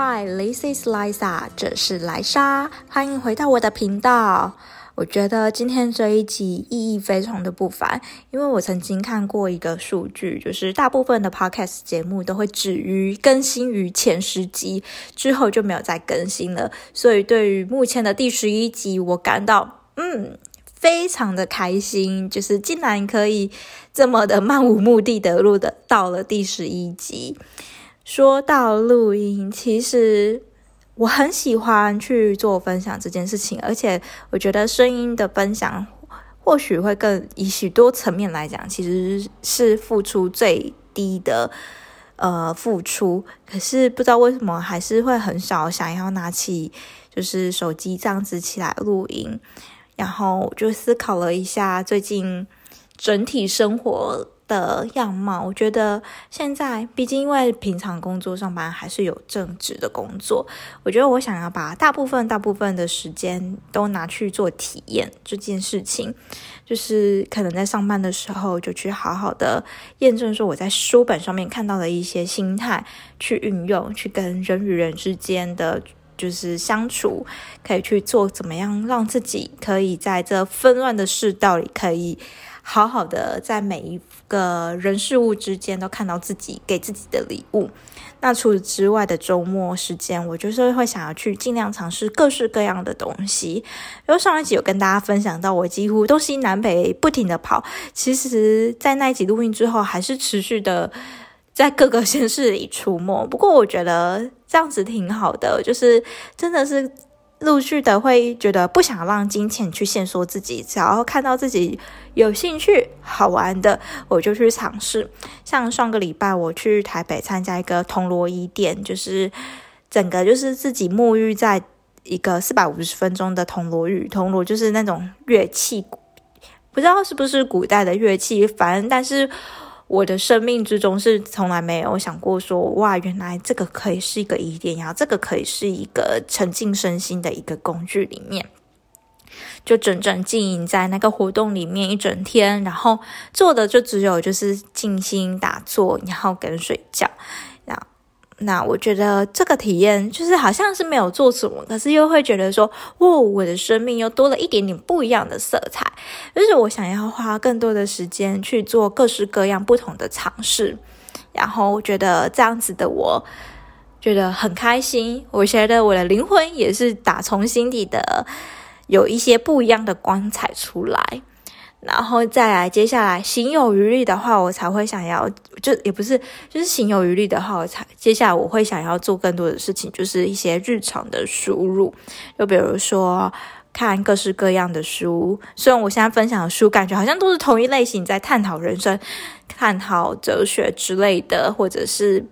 Hi，this is Liza，這是萊莎，歡迎回到我的頻道。我覺得今天這一集意義非常的不凡，因為我曾經看過一個數據，就是大部分的 podcast 節目都會止於更新於前十集之後就沒有再更新了。所以對於目前的第十一集，我感到，嗯，非常的開心，就是竟然可以這麼的漫無目的的錄的到了第十一集。說到錄音，其實我很喜歡去做分享這件事情，而且我覺得聲音的分享或許會更以許多層面來講，其實是付出最低的呃付出。可是不知道為什麼，還是會很少想要拿起就是手機這樣子起來錄音。然後就思考了一下，最近整體生活。的樣貌，我覺得現在畢竟因為平常工作上班還是有正職的工作，我覺得我想要把大部分大部分的時間都拿去做體驗這件事情，就是可能在上班的時候就去好好的驗證說我在書本上面看到的一些心態去運用，去跟人與人之間的就是相處，可以去做怎麼樣讓自己可以在這紛亂的世道裡可以。好好的，在每一個人事物之間都看到自己給自己的禮物。那除此之外的周末時間，我就是會想要去盡量嘗試各式各樣的東西。然後上一集有跟大家分享到，我幾乎東西南北不停的跑。其實，在那一集錄音之後，還是持續的在各個城市裡出沒。不過，我覺得這樣子挺好的，就是真的是。陸續的會覺得不想讓金錢去限縮自己，只要看到自己有興趣、好玩的，我就去嘗試。像上個禮拜我去台北參加一個銅鑼浴店，就是整個就是自己沐浴在一個四百五十分鐘的銅鑼浴，銅鑼就是那種樂器，不知道是不是古代的樂器？反正但是。我的生命之中是從來沒有想過說，哇，原來這個可以是一個疑點呀，然後這個可以是一個沉浸身心的一個工具，裡面就整整經營在那個活動裡面一整天，然後做的就只有就是靜心打坐，然後跟睡覺。那我覺得這個體驗就是好像是沒有做什麼，可是又會覺得說，哦，我的生命又多了一點點不一樣的色彩。就是我想要花更多的時間去做各式各樣不同的嘗試，然後覺得這樣子的我，我覺得很開心。我覺得我的靈魂也是打從心底的有一些不一樣的光彩出來。然後再來，接下來，行有餘力的話，我才會想要，就也不是，就是行有餘力的話，我才接下來我會想要做更多的事情，就是一些日常的輸入，又比如說看各式各樣的書。雖然我現在分享的書感覺好像都是同一類型，在探討人生、探討哲學之類的，或者是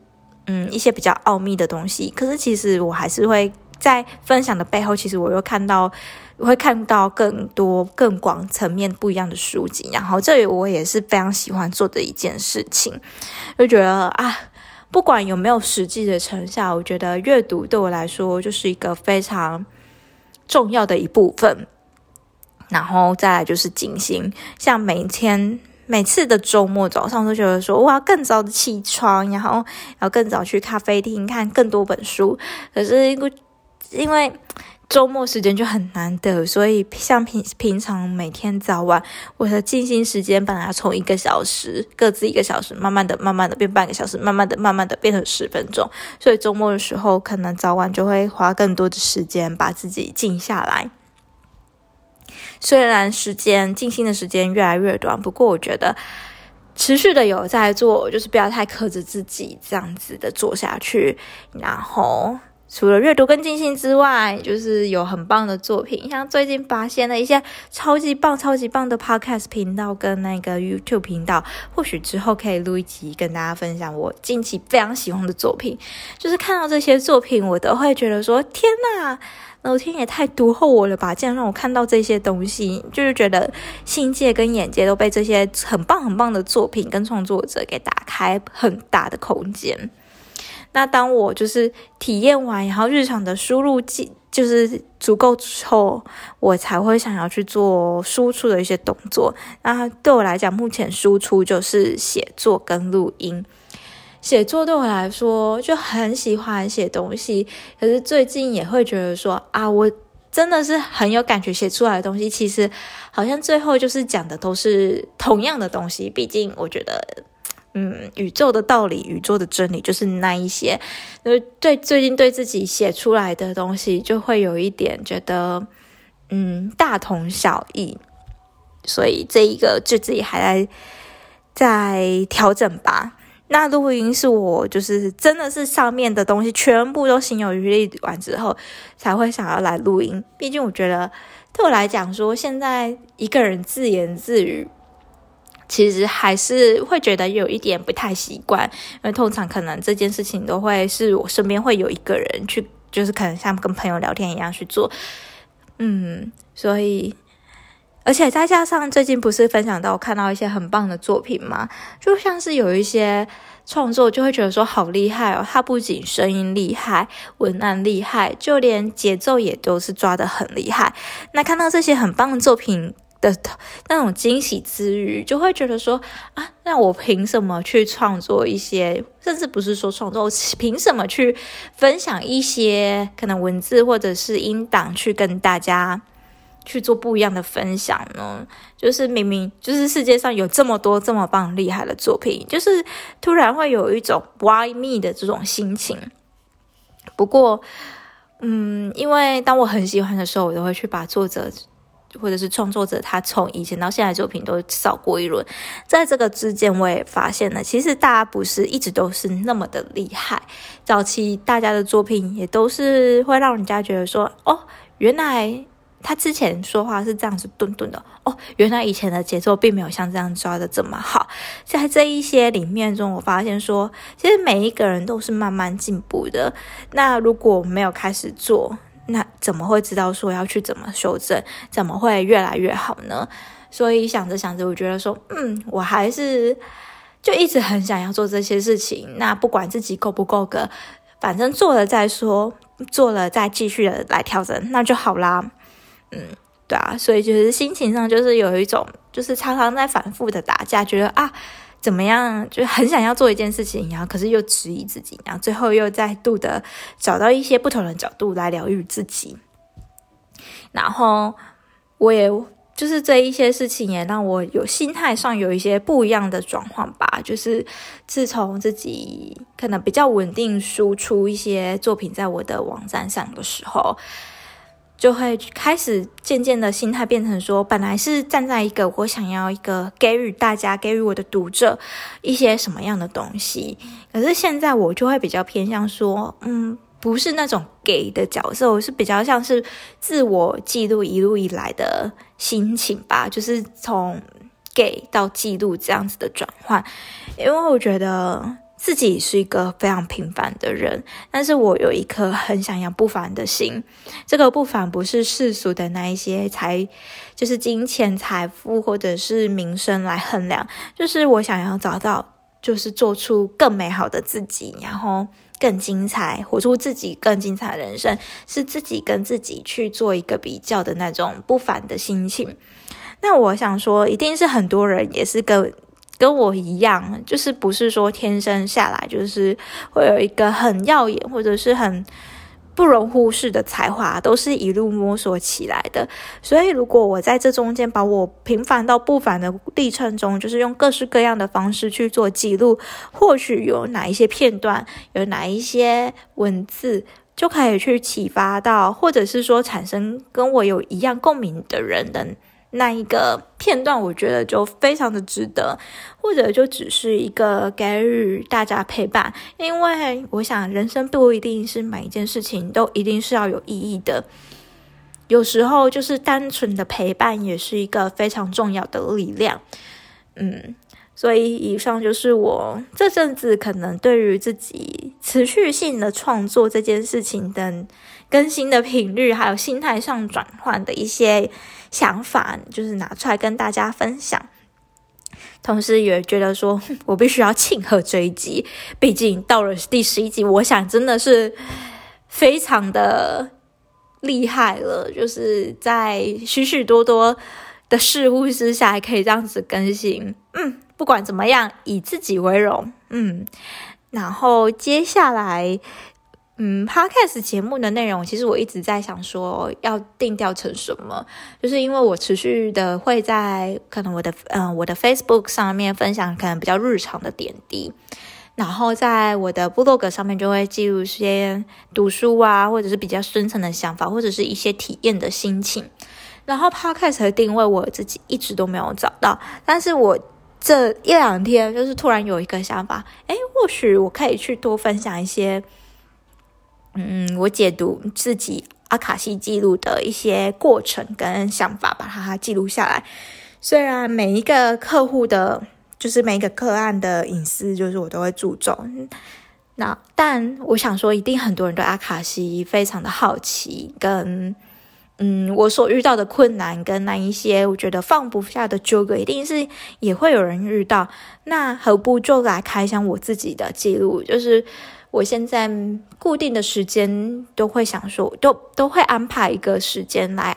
嗯一些比較奧秘的東西。可是其實我還是會在分享的背後，其實我又看到。會看到更多、更廣層面不一樣的書籍，然後這裡我也是非常喜歡做的一件事情，就覺得啊，不管有沒有實際的成效，我覺得閱讀對我來說就是一個非常重要的一部分。然後再來就是進行，像每天每次的周末早上，都覺得說我要更早的起床，然後要更早去咖啡廳看更多本書，可是因為周末時間就很難得，所以像平平常每天早晚我的靜心時間本來要從一個小時各自一個小時，慢慢的、慢慢的變半個小時，慢慢的、慢慢的變成十分鐘。所以周末的時候，可能早晚就會花更多的時間把自己靜下來。雖然時間靜心的時間越來越短，不過我覺得持續的有在做，就是不要太克制自己，這樣子的做下去，然後。除了閱讀跟聽新之外，就是有很棒的作品，像最近發現了一些超級棒、超級棒的 podcast 頻道跟那個 YouTube 頻道，或許之後可以錄一集跟大家分享我近期非常喜歡的作品。就是看到這些作品，我都會覺得說：天哪，老天也太獨厚我了吧！竟然讓我看到這些東西，就是覺得心界跟眼界都被這些很棒、很棒的作品跟創作者給打開很大的空間。那當我就是體驗完，然後日常的輸入記就是足夠之後，我才會想要去做輸出的一些動作。那對我來講，目前輸出就是寫作跟錄音。寫作對我來說就很喜歡寫東西，可是最近也會覺得說啊，我真的是很有感覺寫出來的東西，其實好像最後就是講的都是同樣的東西。畢竟我覺得。嗯，宇宙的道理，宇宙的真理就是那一些。就對，對，最近對自己寫出來的東西，就會有一點覺得，嗯，大同小異。所以這一個就自己還在在調整吧。那錄音是我就是真的是上面的東西全部都心有餘力完之後，才會想要來錄音。畢竟我覺得對我來講說，現在一個人自言自語。其實還是會覺得有一點不太習慣，因為通常可能這件事情都會是我身邊會有一個人去，就是可能像跟朋友聊天一樣去做，嗯，所以，而且再加上最近不是分享到我看到一些很棒的作品嘛，就像是有一些創作就會覺得說好厲害哦，它不僅聲音厲害、文案厲害，就連節奏也都是抓得很厲害。那看到這些很棒的作品，的那種驚喜之餘，就會覺得說啊，那我憑什麼去創作一些，甚至不是說創作，我憑什麼去分享一些可能文字或者是音檔去跟大家去做不一樣的分享呢？就是明明就是世界上有這麼多這麼棒厲害的作品，就是突然會有一種 why me 的這種心情。不過，嗯，因為當我很喜歡的時候，我都會去把作者。或者是創作者，他從以前到現在的作品都掃過一輪，在這個之間，我也發現了，其實大家不是一直都是那麼的厲害。早期大家的作品也都是會讓人家覺得說，哦，原來他之前說話是這樣子頓頓的，哦，原來以前的節奏並沒有像這樣抓得這麼好。在這一些裡面中，我發現說，其實每一個人都是慢慢進步的。那如果沒有開始做，那怎麼會知道說要去怎麼修正？怎麼會越來越好呢？所以想着想着，我覺得說，嗯，我還是就一直很想要做這些事情。那不管自己夠不夠格，反正做了再說，做了再繼續的來調整，那就好啦。嗯，對啊，所以就是心情上就是有一種，就是常常在反復的打架，覺得啊。怎麼樣？就很想要做一件事情，然後可是又質疑自己，然後最後又再度的找到一些不同的角度來療癒自己。然後我也就是這一些事情也讓我有心態上有一些不一樣的轉換吧。就是自從自己可能比較穩定輸出一些作品在我的網站上的時候。就會開始漸漸的心態變成說，本來是站在一個我想要一個給予大家、給予我的讀者一些什麼樣的東西，可是現在我就會比較偏向說，嗯，不是那種給的角色，我是比較像是自我記錄一路以來的心情吧，就是從給到記錄這樣子的轉換，因為我覺得。自己是一個非常平凡的人，但是我有一顆很想要不凡的心。這個不凡不是世俗的那一些財，就是金錢、財富或者是名聲來衡量，就是我想要找到，就是做出更美好的自己，然後更精彩，活出自己更精彩的人生，是自己跟自己去做一個比較的那種不凡的心情。那我想說，一定是很多人也是跟。跟我一樣，就是不是說天生下來就是會有一個很耀眼或者是很不容忽視的才華，都是一路摸索起來的。所以，如果我在這中間把我平凡到不凡的歷程中，就是用各式各樣的方式去做記錄，或許有哪一些片段，有哪一些文字，就可以去啟發到，或者是說產生跟我有一樣共鳴的人能。那一個片段，我覺得就非常的值得，或者就只是一個給予大家陪伴，因為我想，人生不一定是每一件事情都一定是要有意義的，有時候就是單純的陪伴也是一個非常重要的力量，嗯。所以，以上就是我這陣子可能對於自己持續性的創作這件事情的更新的頻率，還有心態上轉換的一些想法，就是拿出來跟大家分享。同時，也覺得說我必須要慶賀這一集，畢竟到了第十一集，我想真的是非常的厲害了，就是在許許多多的事物之下，可以這樣子更新，嗯。不管怎麼樣，以自己為榮，嗯，然後接下來，嗯，Podcast 節目的內容，其實我一直在想說要定調成什麼，就是因為我持續的會在可能我的嗯我的 Facebook 上面分享可能比較日常的點滴，然後在我的 blog 上面就會記錄一些讀書啊，或者是比較深層的想法，或者是一些體驗的心情，然後 Podcast 的定位我自己一直都沒有找到，但是我。這一兩天，就是突然有一個想法，誒，或許我可以去多分享一些，嗯，我解讀自己阿卡西記錄的一些過程跟想法，把它記錄下來。雖然每一個客戶的，就是每一個個案的隱私，就是我都會注重，那但我想說，一定很多人對阿卡西非常的好奇跟。嗯，我所遇到的困難跟那一些，我覺得放不下的糾葛，一定是也會有人遇到。那何不就來開箱我自己的記錄？就是我現在固定的時間都會想說，都都會安排一個時間來，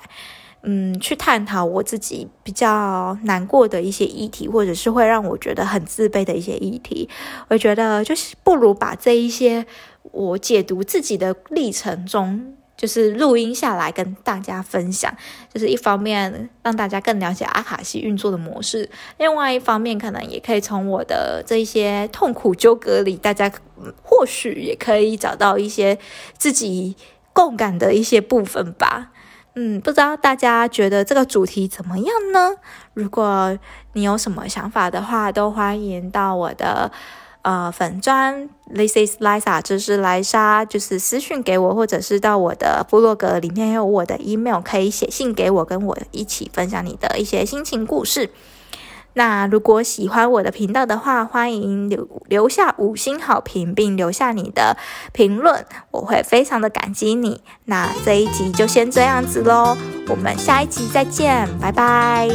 嗯，去探討我自己比較難過的一些議題，或者是會讓我覺得很自卑的一些議題。我覺得就是不如把這一些我解讀自己的歷程中。就是錄音下來跟大家分享，就是一方面讓大家更了解阿卡西運作的模式，另外一方面可能也可以從我的這一些痛苦糾葛裡，大家或許也可以找到一些自己共感的一些部分吧。嗯，不知道大家覺得這個主題怎麼樣呢？如果你有什麼想法的話，都歡迎到我的。呃，粉專，This is Liza，這是萊莎，就是私訊給我，或者是到我的部落格裡面有我的 email，可以寫信給我，跟我一起分享你的一些心情故事。那如果喜歡我的頻道的話，歡迎留留下五星好評，並留下你的評論，我會非常的感激你。那這一集就先這樣子嘍，我們下一集再見，拜拜。